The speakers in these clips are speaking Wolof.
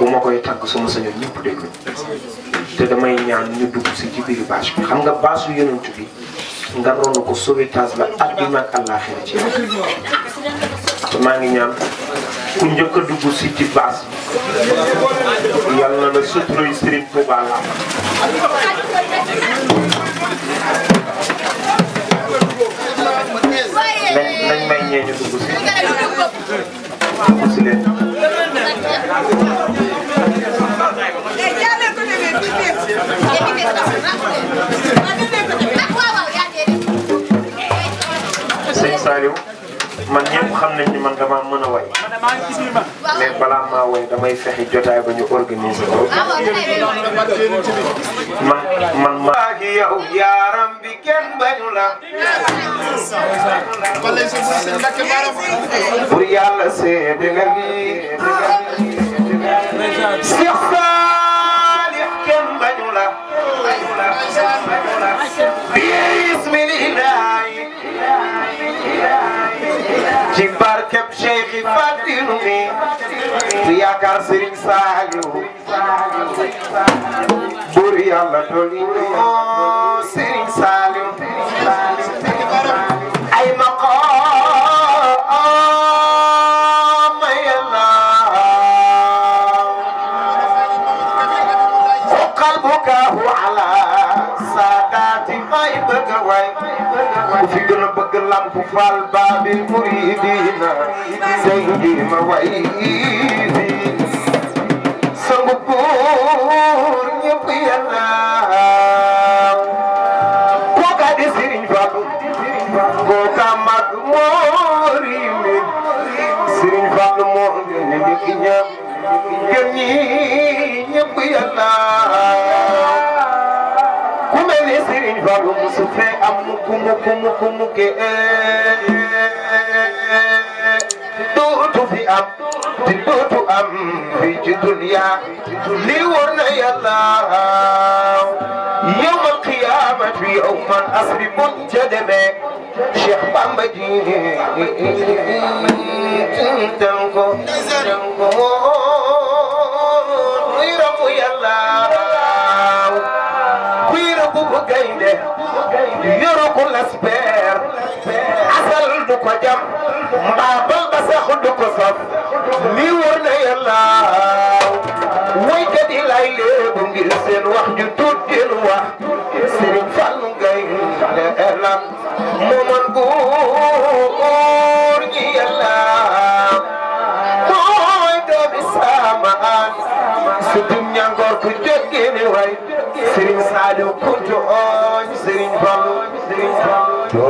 bu ma koy tàgg suma sañoon ñëpp dégg te damay ñaan ñu dugg si ci biir bâche bi xam nga bâche yu yonent bi nga ronu ko sauvetage la àdduna ak àllaaxira ci te ñaan ku njëkk a dugg si ci bâche yal na la suturoy sëriñ Tuubaa la nañ sëñ Saliou man ñëpp xam nañ ni man damaa mën a way mais balaa maa way damay fexe jotaay ba ñu organiser ko man man ma gi yow yaaram bi kenn bañu la pour yàlla seede nga bi seex barkeb Cheikh Fadilu mi su yaakaar Serigne Saliou bur yàlla ku fi gën a bëgg lamp faal baabil muridiina sayidina wa loolu musu fee am mukk mukk mukk mukk dootu fi am te dootu am fii ci dunya lii wóor na yàlla yawma qiyaamati yow man asbi buñ ca demee Cheikh Bamba ji tan ko tan ko muy rabu yàlla gaynde a ko laspeer asal du ko jam mbaa bal ba sax du ko saf lii wër na yàlla woykat yi lay léebu ngir seen wax ju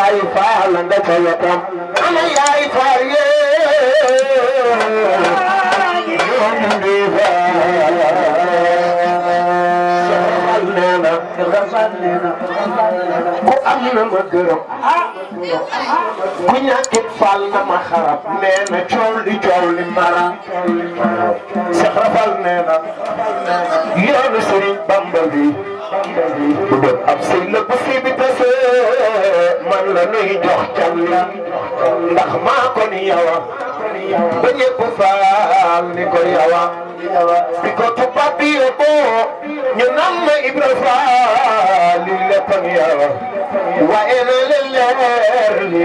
yaay faal nga ca wetam ana yaay faal yee yoonu di faal saxal nee na ku am na ma gërëm ku ñàkkit faal na ma xarab nee na li coow li mara Cheikh Rafal nee na yoonu Sëriñ Bamba bi bu doon ab sëy la tasee man la nuy jox calli ndax maa ko ni yawa ba ñëpp faal ni ko yawa bi ko tubaab bi yóbboo ñu naan ma Ibra Faal li lépp ak yawa waaye na leen leer li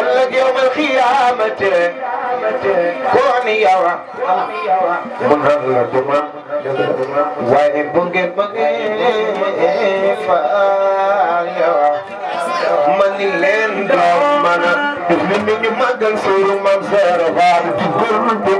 ëllëg yawmal xiyaamate ko ni yawa mun la duma waaye bu ngeen ni ñu màggal sóoru Maam Seera Faal di góorlu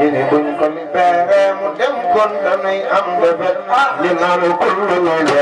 ñu ne buñ ko libéré mu a kon dañuy am defet li naan kullu loolu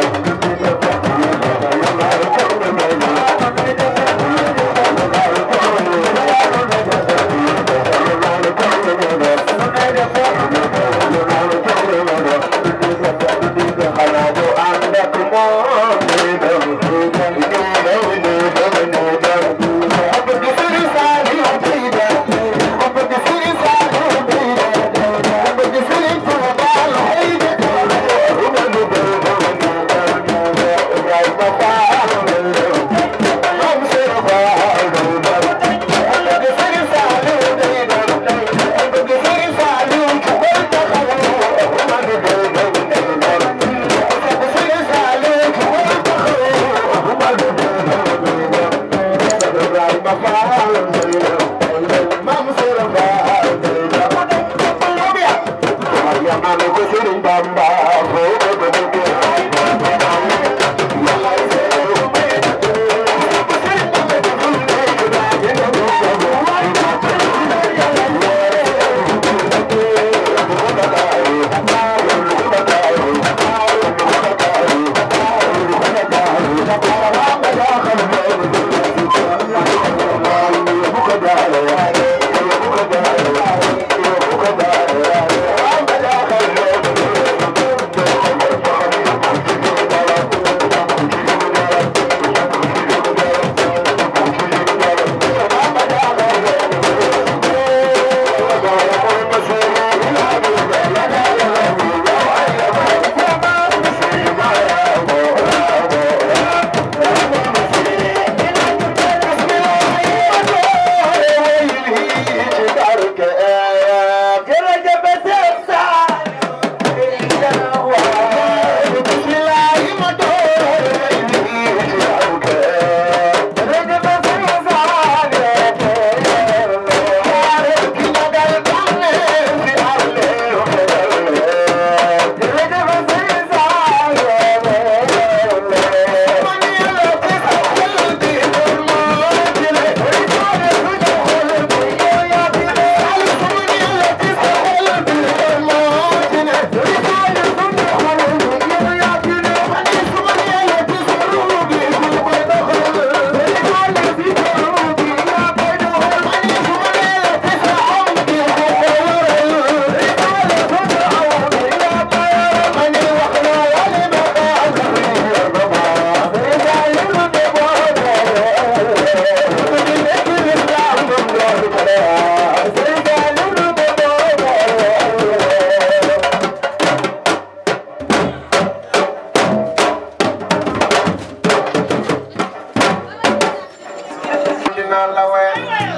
na ko Sëriñ Bamba Muhammad Rasul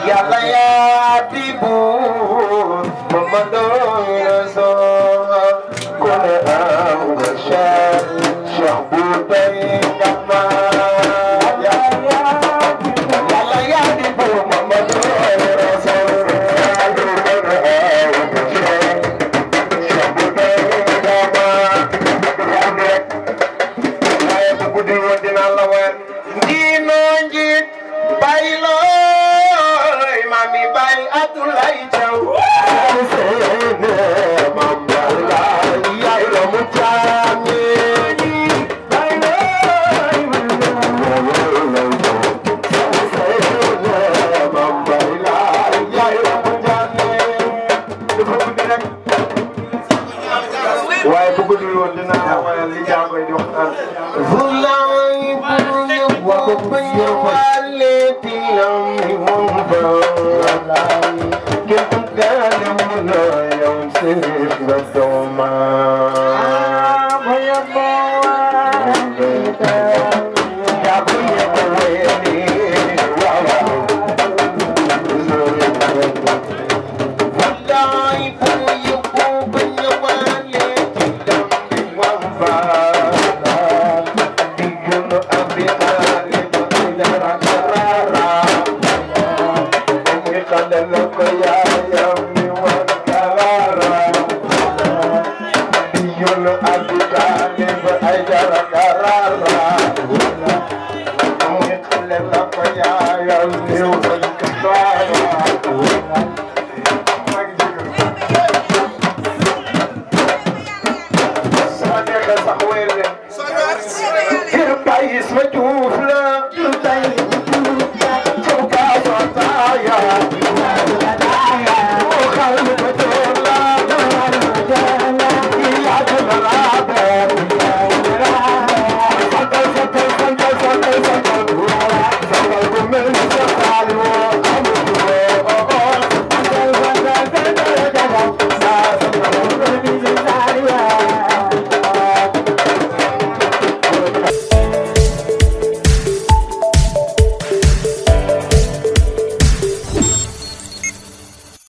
yàlla yaa tibu Muhammadu Rasul Doma. Ah, Bhaya Bhava.